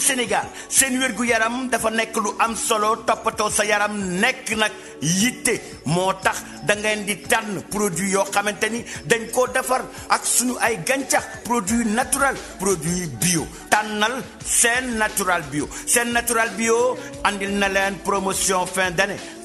Senegal, Sénégal seen wér gu yaram dafa nekk lu am solo toppatoo sa yaram nekk nag yitte moo tax da ngeen di tànn produit yoo xamante ni dañ koo defar ak suñu ay gàncax produit naturel produit bio tànnal sen natural bio sen natural bio andil na leen promotion fin d'année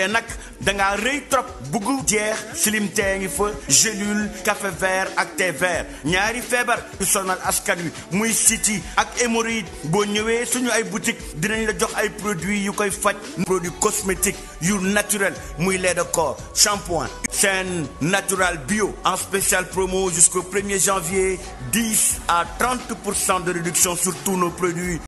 te nag da ngaa trop bugg jeex slim tee ngi fa café vert ak thé vert ñaari feebar yu sonal askan city, muy city ak hémorroïde bo ñëwé suñu ay boutique dinañ la jox ay produits yu koy fajj produit cosmétique yu naturel muy lait corps shampoing chaîne natural bio en spécial promo jusqu'au 1er janvier 10 à 30 de réduction sur tous nos produits